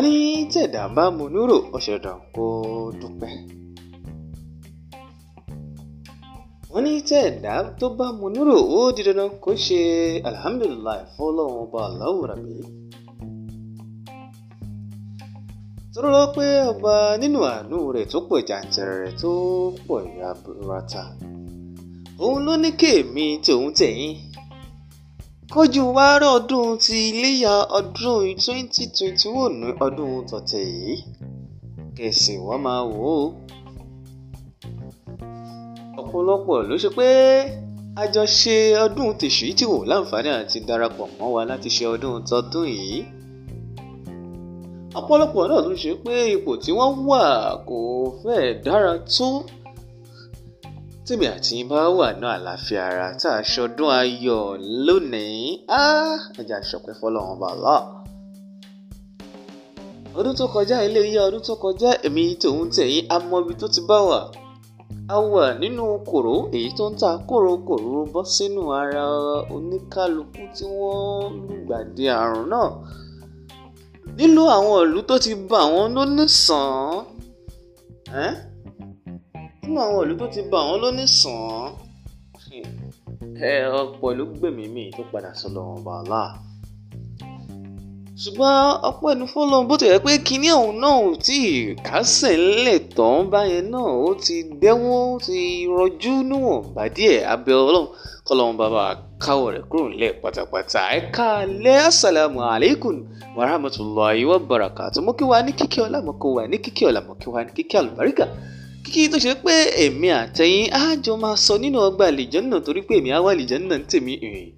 wọ́n ní tí ẹ̀dá bá mu núrò ọ̀sẹ̀ dàn kó dúpẹ́ wọ́n ní tí ẹ̀dá tó bá mu núrò ó di dandan kó ṣe alihamudulilayi fọlọ́run ọba aláwòrán mi tọ́lọ́ pé ọba nínú àánú rẹ̀ tó pọ̀ jàǹtẹ̀rẹ̀ tó pọ̀ ìyá burata òun ló ní kéèmí tí òun tẹ̀yìn kójú wa rọ̀ ọdún ti iléyà ọdún 2021 ní ọdún tọ̀tẹ̀ yìí kẹsì wá máa wò ó. ọ̀pọ̀lọpọ̀ ló ṣe pé àjọṣe ọdún tèṣù tí wò láǹfààní àti darapọ̀ mọ́ wa láti ṣe ọdún tọdún yìí. ọ̀pọ̀lọpọ̀ náà ló ṣe pé ipò tí wọ́n wà kò fẹ́ẹ̀ dára tó tèmi àti yín bá wà náà àlàáfíà ara tá a ṣọdún ayọ̀ lónìí á ẹjà ṣọpẹ́ fọ́lọ́run bàlá. ọdún tó kọjá ilé yá ọdún tó kọjá èmi tòun tẹ̀yìn amọ̀bi tó ti bá wà a wà nínú kòró èyí tó ń ta kòrókòró bọ́ sínú ara oníkálukú tí wọ́n lùgbàdì àrùn náà nílùú àwọn ìlú tó ti bá àwọn lónìí sàn án nínú àwọn ìlú tó ti bá àwọn ló ní sàn án ẹ ọ̀pọ̀ ìlú gbèmí mi tó padà sọ́dọ̀ wọn bá là ṣùgbọ́n ọpẹ́ ẹnu fọlọ́n bó tilẹ̀ pé kinní ọ̀hún náà ò tí ì kásẹ̀ ńlẹ̀ tán báyẹn náà ó ti dẹ́wọ́ ó ti rọjú níwọ̀n bá díẹ̀ abẹ́ ọlọ́run kọ́lọ́run bàbá káwọ̀ rẹ̀ kúrò ńlẹ̀ pátápátá ẹ káalẹ́ asàlámù alaykum wa rahmatullahi wa barakatuh mọ́kíwá ní kíkí ọ̀la mọ́kíwá ní kíkí ọ̀la ní kíkí àlùbáríkà kí tó ṣe pé èmi àtẹ̀yìn á jọ máa sọ nínú ọgbà àlìjànnà torí pé èmi á wà àlìjànnà ń tèmi ìrìn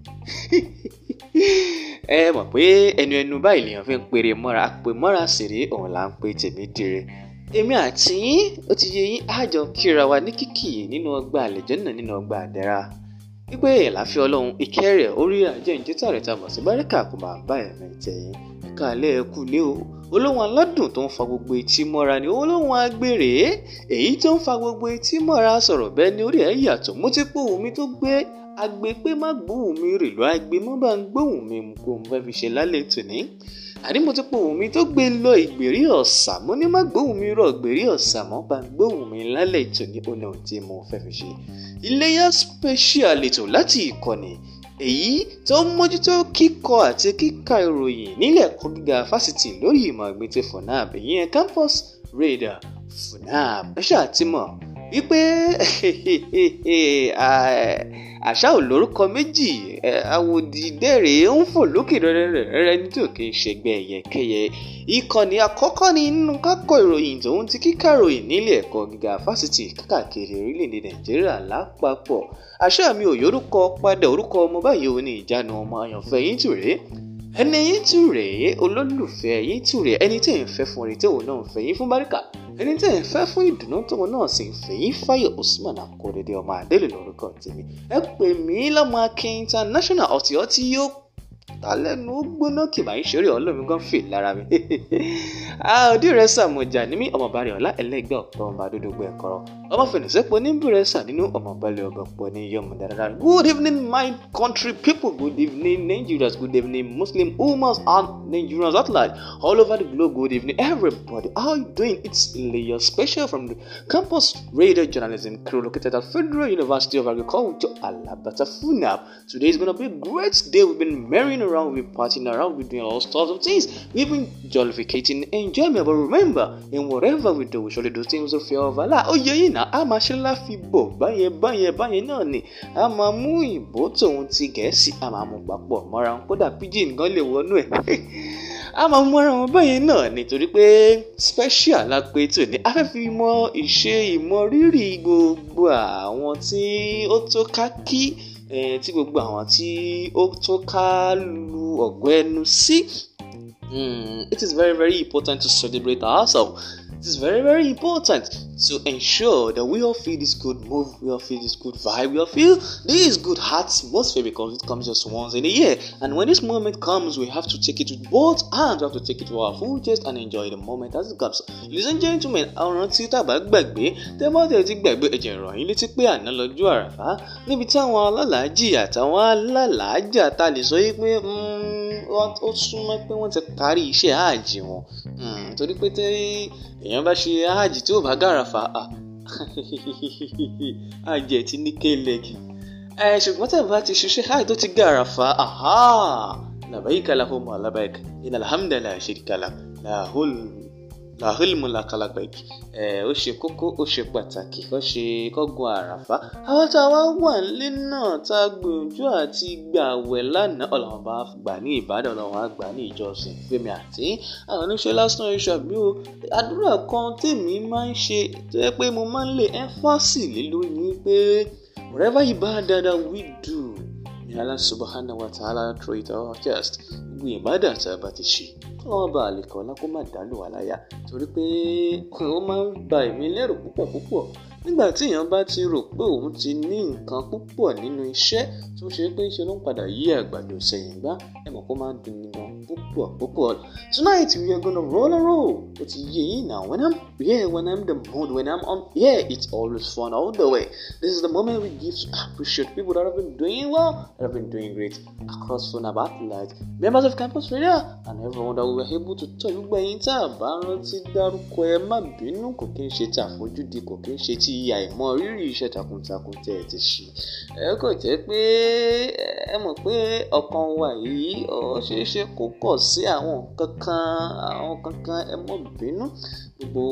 ẹ mọ̀ pé ẹnu ẹnu báyìí lèèyàn fi ń pèrè mọ́ra àpè mọ́ra sì rí òun là ń pe tèmi dire èmi àti yín ó ti yẹ yín á jọ kíra wa ní kìkì nínú ọgbà àlìjànnà nínú ọgbà àdẹ́ra wípé ìlàfẹ́ ọlọ́run ìkẹ́ rẹ̀ orí ajé ìjẹ́tà rẹ̀ ta mọ̀ sí báríkà kò máa bá ẹ̀rọ ìtẹ̀yìn ẹ̀ka alẹ́ ẹ̀kú lé o olóhùn aládùn tó ń fa gbogbo etí mọ́ra ni olóhùn agbèrè èyí tó ń fa gbogbo etí mọ́ra sọ̀rọ̀ bẹ́ẹ̀ ni orí ẹ̀ yàtọ̀ mo ti pò omi tó gbé agbe pé má gbóhùn mi rè lọ agbe mọ́ bá ń gbóhùn mi kó n fẹ́ fi ṣe lálẹ́ tòní àrímọ́típòwùmí tó gbé lọ ìgbèrí ọ̀sà mo ní má gbóhùn mi rọ̀ ìgbèrí ọ̀sà mọ́ bá gbóhùn mi lálẹ́ ètò ní ọ̀nà tí mo fẹ́ fi ṣe iléyà special ètò láti ìkànnì èyí tó ń mójútó kíkọ àti kíka ìròyìn nílẹ̀ kọ́gà fásitì lórí ìmọ̀ àgbètè FUNAAB ìyẹn campus radar FUNAAB ẹ ṣáà ti mọ̀ wípé àṣà ò lórúkọ méjì àwòdìdẹ́rẹ̀ ń fò lókè rẹ̀rẹ̀rẹ̀ ní tí ò kí ń ṣègbè ẹ̀yẹ̀kẹ́yẹ ìkànnì àkọ́kọ́ ni nínú kákọ́ ìròyìn tòun ti kíkà ròyìn nílé ẹ̀kọ́ gíga fásitì káàkiri orílẹ̀ nàìjíríà lápapọ̀ àṣà mi ò yorúkọ padà orúkọ ọmọ báyìí ò ní ìjánu ọmọ àyànfẹ́ yín tù rèé ẹni yín tù rèé olólùfẹ́ yín tù rèé ẹni tí ń fẹ́ fún rèé tí òun náà ń fẹ́ yín fún báríkà ẹni tí ẹ̀ ń fẹ́ fún ìdùnnú tóun náà sì ń fèyí fáyọ̀ Usman akóredé ọmọ adélè lórúkọ tèmi ẹ pè mí lọ́mọ akin international ọ̀tí ọtí yóò ta lẹ́nu ó gbóná kì máa ń ṣeré ọlọ́run gan fè lára mi àdìrẹ sàmùjà ní mí ọmọbàrẹ ọlá ẹlẹgbẹ ọpọ ọmọ àdúdúgbò ẹkọrọ ọmọ fèrèsépò ní bìrẹ sà nínú ọmọbàlẹ ọbẹ ní yọmọ dáradára. good evening my country people good evening nigerians good evening muslim ummas and nigerians at large all over the globe good evening everybody how you doing it's leo special from the campus radio journalism crew located at federal university of agriculture alabata funab today is gonna be a great day we've been merrying around we've been partying around we've been doing all sorts of things we've been jollificating and enjoyment but remember in whatever we do we surely do things of your over la oyè yìí na a máa ṣe láfi bò báyẹn báyẹn báyẹn náà ni a máa mú ìbò tòun ti gẹ̀ẹ́sì a máa mú papọ̀ mọ́ra wọn kódà pidgin gan lè wọnú ẹ̀ a máa mú ara wọn báyẹn náà nítorí pé special la pé tòní a fẹ́ fi mọ ìṣe ìmọrírì gbogbo àwọn tí ó tó ká kí eh, tí gbogbo àwọn tí ó tó ká lu ọ̀gbẹ́nu sí mm, it is very, very important to celebrate ourselves. It is very, very important to ensure that we all feel this good move, we all feel this good vibe, we all feel this good atmosphere because it comes just once in a year. And when this moment comes, we have to take it with both hands, we have to take it with our full chest and enjoy the moment as it comes. Ladies and gentlemen, àwọn tí tàbá gbàgbé tẹ́ bá tẹ̀ ti gbàgbé ẹ̀jẹ̀ ìròyìn létí pé àná lọ́jọ́ àràfá níbi tí àwọn alálàájì àtàwọn alálàájà ta lè sọ yí pé mm, ó súnmọ́ pé wọ́n ti parí iṣẹ́ háàjì wọn hmm, torí pé tí èèyàn bá ṣe háàjì tí ò bá gàràfà háàjì ẹ̀ ti ní kélegi ṣùgbọ́n tẹ̀ bá ti ṣiṣẹ́ háàjì tó ti gàràfà labaika lahumma labaika inna alhamdulillah shirikala lahul làhílmù làkàlàgbẹ̀gì ẹ̀ ó ṣe kókó ó ṣe pàtàkì kó ṣe kọ́gun àràfá àwọn tá a wá wà nílé náà tá a gbìyànjú àti gbàwẹ̀ lánàá ọlọ́run bá gbà ní ìbàdàn ọlọ́run á gbà ní ìjọsìn fẹ́mi àti àwọn oníṣẹ́ lásán iṣu àbí o àdúrà kan tèmi máa ń ṣe tó yẹ pé mo máa ń lè ẹ́fásì lé lórí ni pé whatever Ibadan that we do ní Allah subhanahu wa ta'ala through it our cast gbogbo ìbádà tá a bá ti ṣe ọlọ́wọ́ bá àlè kọ̀ọ̀lá kó má dàlú wà torí pé ó máa ń ba ẹ̀mí lẹ́rù púpọ̀ púpọ̀ nígbà tí èèyàn bá ti rò pé òun ti ní nǹkan púpọ̀ nínú iṣẹ́ tó ṣe pé ṣe ló ń padà yí àgbàdo sẹ́yìn gbá ẹ mọ̀ kó máa dùn nìkan púpọ̀ púpọ̀. tonight we are gonna roll and roll ó ti yé yín náà when i'm yeah when i'm the mood when i'm on yeah it's always fun all the way this is the moment we give to appreciate people that have been doing well that have been doing great across Funab Light members of Campus Radio and everyone that we were able to talk gbogbo ẹ̀yin tá a bá rántí dárúkọ ẹ má bínú kò kí n ṣe tàfojúdi kò kí n ṣe ti ti àìmọ rírì iṣẹ́ takuntakun tẹ́ ẹ ti ṣe ẹ kò jẹ́ pé ẹ mọ̀ pé ọkàn wa yìí ó ṣeé ṣe kó kọ̀ sí àwọn kankan àwọn kankan ẹ mọ̀ bínú gbogbo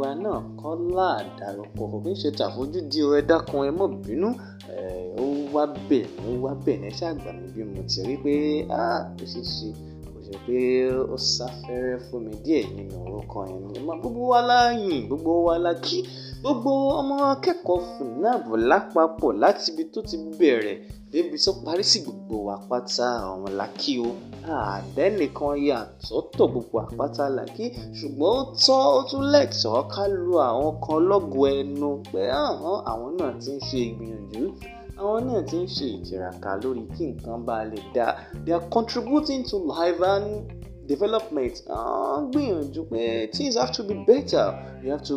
wa náà kọ́ láàdàrọ̀ kò kì í ṣe tàfojúdi ọ ẹ dákun ẹ mọ̀ bínú ó wá bẹ̀ ní ó wá bẹ̀ ní ẹ ṣàgbà mi bí mo ti rí pé ó ṣeé ṣe ṣe pé ó sáfẹ́rẹ́ fún mi díẹ̀ nínú orúkọ yẹn ni gbogbo wa la yìn gbogbo wa la kí gbogbo ọmọ akẹ́kọ̀ọ́ FUNAB lápapọ̀ láti ibi tó ti bẹ̀rẹ̀ débi tó parí sí gbogbo àpáta ọ̀hún la kí o àbẹ́ nìkan yàtọ̀tọ̀ gbogbo àpáta la kí ṣùgbọ́n ó tọ́ ó tún lẹ́tọ̀ọ́ ká lu àwọn kan lọ́gọ̀ọ́ ẹnu pé àwọn náà ti ń ṣe ìgbìyànjú àwọn náà ti ń ṣe ìtiraka lórí kí nǹkan bá lè dáa they are contributing to and development àwọn gbìyànjú pé things have to be better you have to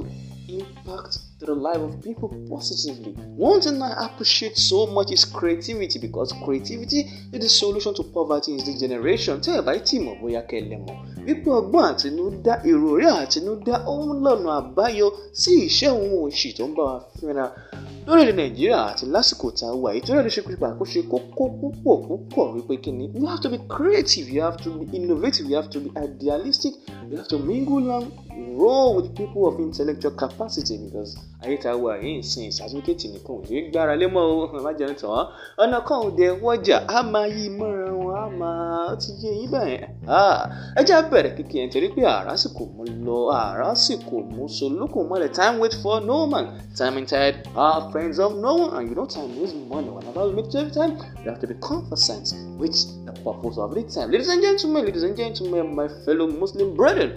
impact to the life of people positively. One thing I appreciate so much is creativity because creativity is the solution to poverty in this generation. Tell by Timo Boyakelemo. Wípé ọgbọ́n àtinúdá ìròrí àtinúdá òun lọ́nà àbáyọ sí ìṣẹ́ òun òṣì tó ń bá wa fínra lórílẹ̀ Nàìjíríà àti lásìkò tá a wà yìí tó rẹ̀ ṣe pípa àkóso kókó púpọ̀ púpọ̀ wípé kí ni you have to be creative you have to be innovative you have to be idealistic you have to mingle and roll with people of intellectual capacity because. ayé tá a wà yìí ń sin sátífíkẹ́tì nìkan ò ní gbára lé mọ́ o má jẹun tán ọ̀nà kan ò dé wọ́jà á máa yí mọ́ra wọn á máa ó ti yé yín bẹ́ẹ̀ ẹ jẹ́ bẹ̀rẹ̀ kékeré ẹ̀ nítorí pé àrá sì kò mú lọ àrá sì kò mú so lókun mọ́lẹ̀ time wait for no man time and tide are friends of no one and you know time is money when about we make every time we have to be conversant with the purpose of the time ladies and gentlemen ladies and gentlemen my fellow muslim brethren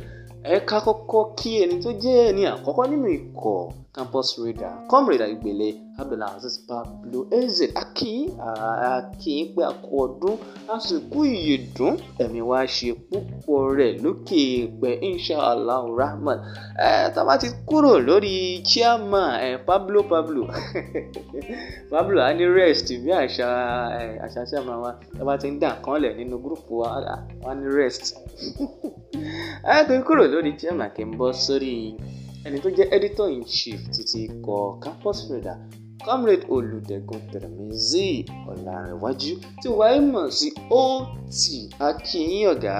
ẹ̀ka kọ́kọ́ kí ẹni tó jẹ́ ẹni àkọ́kọ́ nínú ikọ̀ campus radar comrade àgbèlè abdulaziz pablo eze akí akí pé àkó ọdún àsìkò ìyèdùn ẹ̀mí wa ṣe púpọ̀ rẹ̀ lókè pẹ̀ inshallah rahman ẹ tàbá ti kúrò lórí chairman ẹ pablo pablo pablo á ní rest bí àṣà ẹ àṣà chairman wa tàbá ti ń dà kán lẹ̀ nínú gúrùpù wa á ní rest ẹ tó kúrò lórí chairman kì í bọ́ sórí ẹni tó jẹ́ editor in chief títí kọ campus radar comrade olùdẹ̀gùn tẹ̀rẹ̀mẹ́sì ọ̀làrẹ̀wájú tí wàá mọ̀ sí ot akínyìn ọ̀gá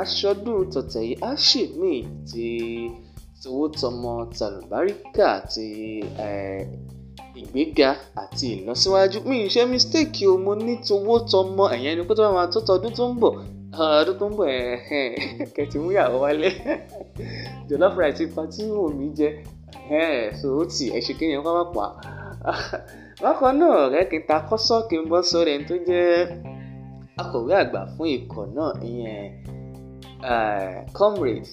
aṣọ́dún tọ̀tẹ̀ yìí á ṣì mí ti towótọmọ tàlùbáríkà ti ìgbéga àti ìlọsíwájú mi ṣe mistake o mo ní towótọmọ ẹ̀yẹn ni kó tó bá máa tó tọdún tó ń bọ̀ ọdún tó ń bọ̀ ẹ̀hẹ́n kẹ̀tì mú yàwó wálé jollof rice ipa tí omi jẹ so ó tì ẹ̀ ṣe kéèyàn pápá pa bákan náà ọ̀rẹ́ kẹta kọ́sọ́ kí n bọ́ sórí ẹni tó jẹ́ akọ̀wé àgbà fún ikọ̀ náà ìyẹn eh, comrade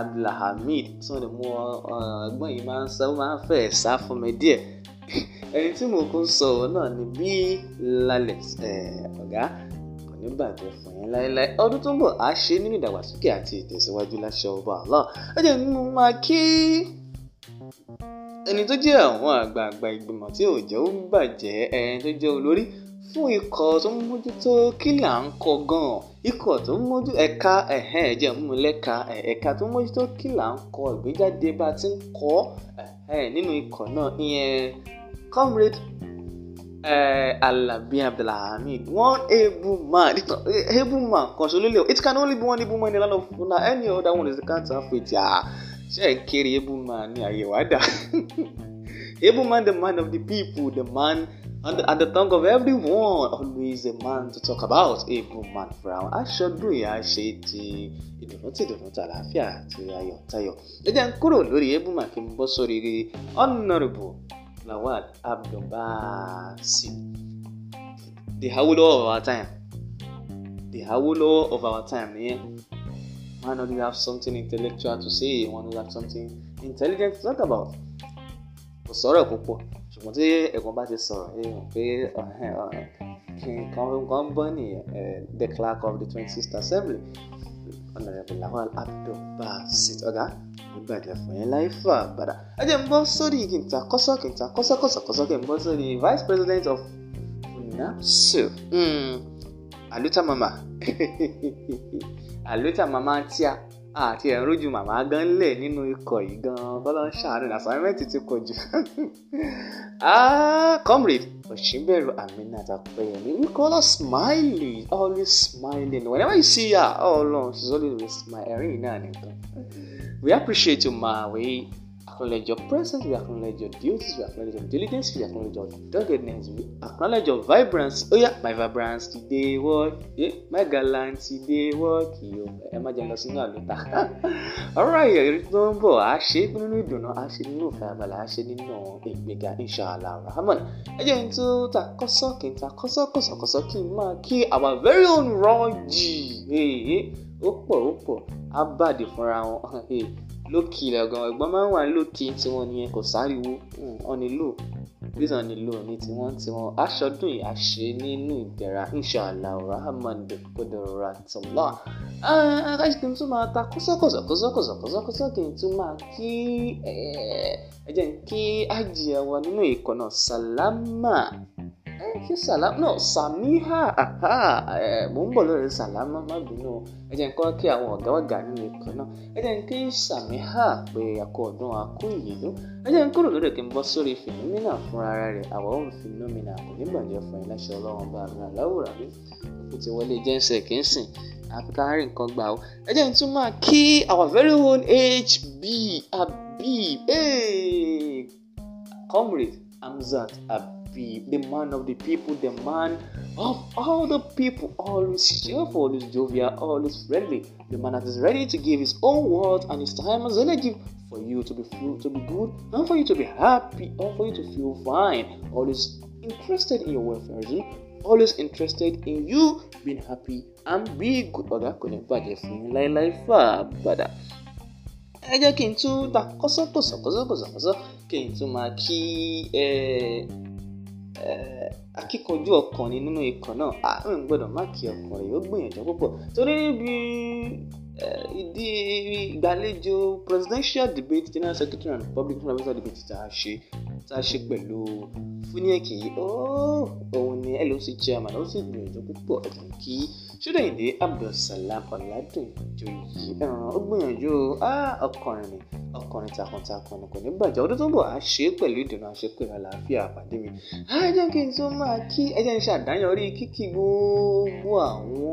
abdulhamid tó ni mo eh, ọgbọ́n yìí máa ń sọ ó máa ń fẹ́ sá fún mi díẹ̀ ẹni tí mo kún sọ ọ náà ni bí lálẹ́ eh, ọ̀gá kò ní bàjẹ́ fún yín láéláé ọdún tó ń bọ̀ á ṣe nínú ìdàgbàsókè àti ìtẹ̀síwájú láṣẹ ọba àlọ́ ẹ jẹ́ nínú máa kí ẹni tó jẹ́ àwọn àgbààgbà ìgbìmọ̀ tí ò jẹ́ ó bàjẹ́ ẹni tó jẹ́ olórí fún ikọ̀ tó ń mójútó kí là ń kọ gan-an ikọ̀ tó ń mójú ẹ̀ka ẹ̀hẹ́n ẹ̀jẹ̀ mímu lẹ́ka ẹ̀ka tó ń mójútó kí là ń kọ ìgbéjáde bá ti ń kọ́ ẹ̀hẹ́n nínú ikọ̀ náà ìyẹn comrade Alabi Abdulhamid one able man able man kan ṣoṣo lélẹ̀ it can only be one able man in the land of Una any other one is the cancer of faith ṣe ń kiri able man ní ayé wa da. able man the man of the people the man at the, at the tongue of everyone always a man to talk about able man brown aṣọdún ìyá ṣe ti ìdùnnú ti ìdùnnú ti àlàáfíà ti ayọ̀ tayọ̀ ẹ jẹ́ n kúrò lórí able man kí n bọ́ sórí honourable lawal abdulbasi the Awolowo of our time the Awolowo of our time nìyẹn. Yeah? Why not you have something intellectual to say? Why want to have something intelligent to talk about? Kò sọ̀rọ̀ púpọ̀ ṣùgbọ́n tí ẹ̀gbọ́n bá ti sọ̀rọ̀ ẹ hàn pé nǹkan ń the clerk of the twenty sixth assembly ọ̀nàrẹ́bù làwọn àdọ̀bà sit ọ̀gá nígbàdàn fún yín láì fà padà. ẹ jẹ́ ń bọ́ sórí kìntà kọ́sọ́ kìntà kọ́sọ́ kọ́sọ́ kọ́sọ́ kìntà bọ́ sórí vice president of funapsu hmm, aluta mama àlùtà màmá tíà àti ẹ̀rọ ojú màmá gan lẹ̀ nínú ikọ̀ yìí gan bọ́lá ń ṣàánú àsámẹ́ǹtì ti pọ̀ jù. Ah, comrade òṣìbẹ̀rù Aminat Akpeyemi we call her smiley always smiling whenever you see her oh lord she always smiling ẹ̀rín náà nìkan we appreciate you ma we acknowledge your presence, we acknowledge your duties, we acknowledge your diligence, we acknowledge your doggedness, we acknowledge your vibrance. Oh yeah, my vibrance today work, yeah, my gallant today work, yo. Ẹ má jẹun lọ sínú àlùtà. Alright, èrè tó ń bọ̀, a ṣe é nínú ìdùnnú, a ṣe nínú ìfàyàbalẹ̀, a ṣe nínú ìgbéga, inshallah rahman. Ẹ jẹ́ n tó ta kọ́sọ́ kí n ta kọ́sọ́ kọ́sọ́kọ́sọ́ kí n máa kí our very own Rọ́ọ̀jì. Hey, hey. ó pọ̀, á bàdé fúnra wọn. lókì lẹ́gàn ẹ̀gbọ́n máa ń wà lókì tiwọn nìyẹn kò sáriwo hmm, wọn ni lò reason ni lò ní tiwọn tiwọn aṣọdún yìí àṣe nínú ìdẹ̀ra inṣàlá ọ̀rọ̀ amadu kòdòrò àtọ̀lá akáṣí kí n tún máa ta kọ́sọ́kọ́sọ́kọ́sọ́kọ́sọ́kọ́sọ́ kí n tún máa kí eh, ẹ̀jẹ̀ kí ajíyàwó nínú ìkànnà sàlámà. ṣé sàlámù náà sàmíhà mò ń bọ̀ lórí sàlámù má bínú ẹ jẹ́ nǹkan kí àwọn ọ̀gá ọ̀gá nínú ikọ̀ náà ẹ jẹ́ kí sàmíhà pé akọ ọdún akú ìyìnlú ẹ jẹ́ kúrò lórí kí n bọ́ sórí fìnómínà fúnra kò ní bàjẹ́ fún ẹ ọlọ́run bá mi mi kò ti wọlé jẹ́nsẹ̀ kì í sìn àfi ká rí nǹkan gbà ó ẹ jẹ́ eh, máa kí the, the man of the people, the man of all the people, always cheerful, always jovial, always friendly, the man that is ready to give his own word and his time and energy for you to be feel, to be good and for you to be happy and for you to feel fine, always interested in your welfare, always interested in you being happy and be good. Ọ̀gá kò ní bàjẹ́ fún life láéláé fà á padà. ẹ jẹ́ kí n tún ta kọ́sọ́kọ́sọ́ kọ́sọ́kọ́sọ́ kọ́sọ́ kí n tún máa kí eh, Eh, akíkanjú ọkàn ni nínú ikọ̀ náà àwọn gbọ́dọ̀ má kí ọkàn rẹ̀ yóò gbìyànjú púpọ̀ torí níbi Eh, ìdí ìgbàlejò presidential debate general secretary and public presidential debate tá a ṣe tá a ṣe pẹ̀lú fúnìyẹ̀kì òun ni LOC chairman ó sì gbìyànjú púpọ̀ ẹ̀sìn kí ṣúdẹ̀yìndé abdulsalam ọ̀làdùnjoyè ẹ̀ràn ó gbìyànjú ọkùnrin ni ọkùnrin takuntakun ni kò ní bàjẹ́ ọdún tó ń bọ̀ á ṣe pẹ̀lú ìdènà àṣepẹ̀lú àlàáfíà àpàdé mi á jẹ́ kí n tún máa kí ẹ jẹ́ n ṣàdáyọrí kíkí gbogbo àwọn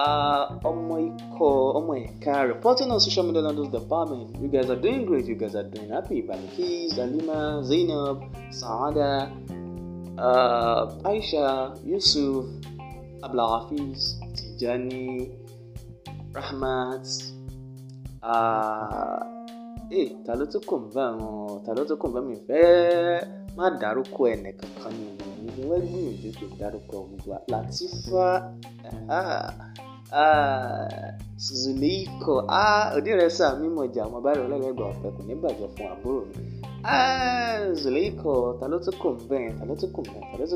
Uh, ọmọ ikọ̀ ọmọ ẹ̀ka reporting on social media handles department you guys are doing great you guys are doing happy Balikis Salima Zainab Saada uh, Aisha Yusuf Abdulhafiz Tijani Rahmat uh, eh ta ló tún kàn bá wọn ta ló tún kàn bá mi fẹ́ẹ́ má dárúkọ ẹnìkankan nínú wọ́n gbìyànjú kò dárúkọ gbogbo Latifa ah, ah, Zuleiko onírẹsà ah, mímọ̀jà ọmọ báyìí ọlọ́lẹ́gbẹ̀ẹ́ ọ̀pẹ kò ní bàjẹ́ fún àbúrò mi. Ah, Zuleiko ta ló tún kù ń bẹ̀ ta ló tún kù ń ta ló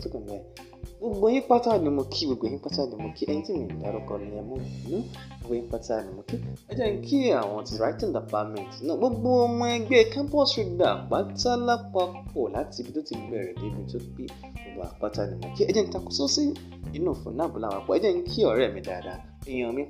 tún ta gbogbo yín pátá mo kí gbogbo yín pátá ni mo kí ẹni tí mi ń dárúkọ ni ẹ mú hmm? gbogbo mo kí ẹ jẹ́ kí àwọn writing department náà gbogbo ọmọ campus reader pátá lápapọ̀ láti ibi tó ti bẹ̀rẹ̀ débi tó gbogbo àpáta ni mo kí ẹ jẹ́ n takùsọ́ sí inú fún náà bọ́lá ẹ jẹ́ kí ọ̀rẹ́ mi dáadáa èèyàn mi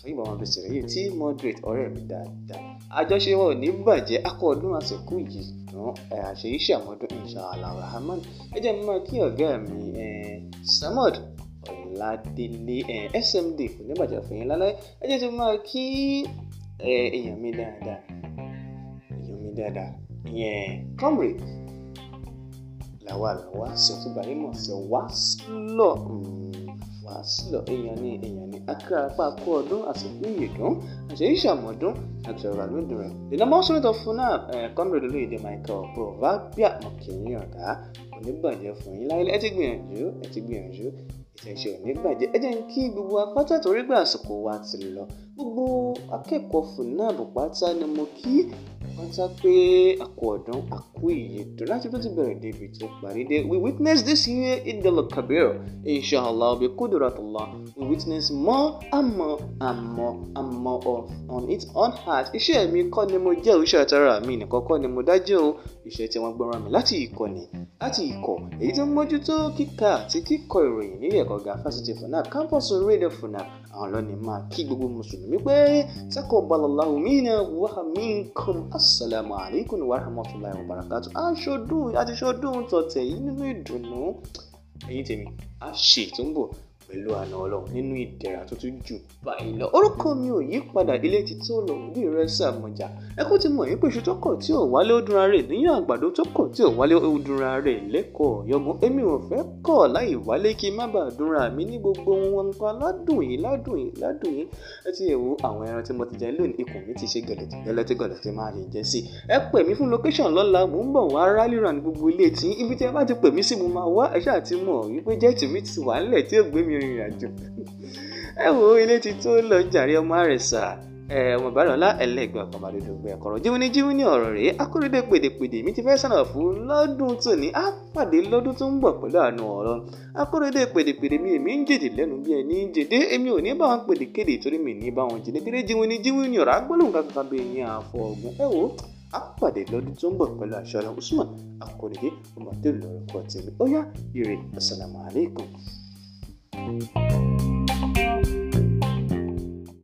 torí bàbá mi sọ̀rọ̀ yìí tí moderate ọ̀rẹ́ mi dáadáa àjọṣe wọn ò ní bàjẹ́ akọ ọdún àsìkò yìí tán àṣeyí ṣàmọ́dún inshallah rahman ẹ jẹ́ mi máa kí ọ̀gá mi samad ọ̀làdélé smd kò ní bàjẹ́ fún yín lálẹ́ ẹ jẹ́ tí mo máa kí èèyàn mi dáadáa èèyàn mi dáadáa ìyẹn comrade làwàlàwà sọtúbàrímọ̀ sọ wá lọ́ọ̀ àsìlọ èèyàn ni èèyàn ni akíra apá kó ọdún àsìkò ìyèdún àṣeyí ṣàmọdún àṣọra lódùn rẹ ìdènà mọ́sọ́rẹ́tò fún náà eh, kọ́mírèdì olóyèdè Michael Provabia mọ̀kìnyìn ọ̀gá oníbàjẹ́ fún yín láyé ẹ ti gbìyànjú ẹ ti gbìyànjú ìtẹ̀sẹ̀ oníbàjẹ́ ẹ jẹ́ ń kí gbogbo apáta torí gbà àsìkò wa ti lọ gbogbo akẹ́kọ̀ọ́ fún náà bùpátá ni mo kí pátá pé àkó ọ̀dán àkó ìyètò láti tó ti bẹ̀rẹ̀ débi tó parí dé we witness this year the al-Kabir inshallah bi kudratullah we witness more and more and more and more of on its own heart iṣẹ́ mi kọ́ ni mo jẹ́ iṣẹ́ àtàrà mi nìkan kọ́ ni mo dájẹ́ o iṣẹ́ tí wọ́n gbọ́ra mi láti ìkọ̀ni láti ikọ̀ èyí tó ń mójútó kíkà àti kíkọ ìròyìn nílé ẹ̀kọ́ ga fásitì FUNAB kámpọ̀sì rédíò FUNAB àwọn lọ́ni máa kí gbogbo mùsùlùmí pé sákòbálọ̀láhùn mí náà wà mí nǹkan asalaamu alaykum wa rahmatulahi wa barakatu aṣọdún àti ṣọdún tọ̀tẹ̀ yìí nínú ìdùnnú ẹ̀yin tèmi a ṣe tó ń bọ̀ pẹ̀lú àna ọlọ́run nínú ìdẹ̀ra tó tún jù báyìí lọ. orúkọ mi ò yí padà ilé ti tó lọ bí rẹ sàmọ̀jà ẹkún ti mọ̀ yín pé iṣu tó kọ̀ tí ò wálé ó dunra rẹ̀ níyàn àgbàdo tó kọ̀ tí ò wálé ó dunra rẹ̀ lẹ́kọ̀ọ́ yọgun èmi ò fẹ́ kọ̀ láì wálé kí n má bàa dunra mi ní gbogbo wọn pa ládùn yìí ládùn yìí ládùn yìí ẹ ti yẹ̀ àwọn ẹran tí mo ti jẹ lónìí ikùn mi ti ṣe gẹ̀lẹ̀tì location lọ́la mò ń bọ̀ wá rally round gbogbo ilé tí ibi tí ẹ bá ti pè mí sí mo máa ti mọ̀ mi ìrìn ẹ wo ilé ti tó lọ jàre ọmọ àrẹsà ọmọ ìbálòlá ẹlẹgbẹ́ ọkọ màdùdùgbẹ ọkọrọ jíwìnì jíwìnì ọ̀rọ̀ rèé akóredé pèdèpèdè mi ti fẹ́ sànà fún lọ́dún tòní á pàdé lọ́dún tó ń bọ̀ pẹ̀lú àánú ọ̀rọ̀ akóredé pèdèpèdè mi èmi ń jèdè lẹ́nu bí ẹni ń jèdè èmi ò ní bá wọn pèdèkéde torí mi ní bá wọn jèdè kéde jíwìnì jíwìnì ọ̀rọ̀ agbólóhùn kankan bí ẹyin àfọ ọgbọ́n ẹ wo á pàdé lọ́dún tó ń bọ̀ pẹ̀lú àṣọ Usman akóredé ọmọdé lọ́rọ̀ kọ́ tèmi ó yá ire assalamu alaikum. Thank you.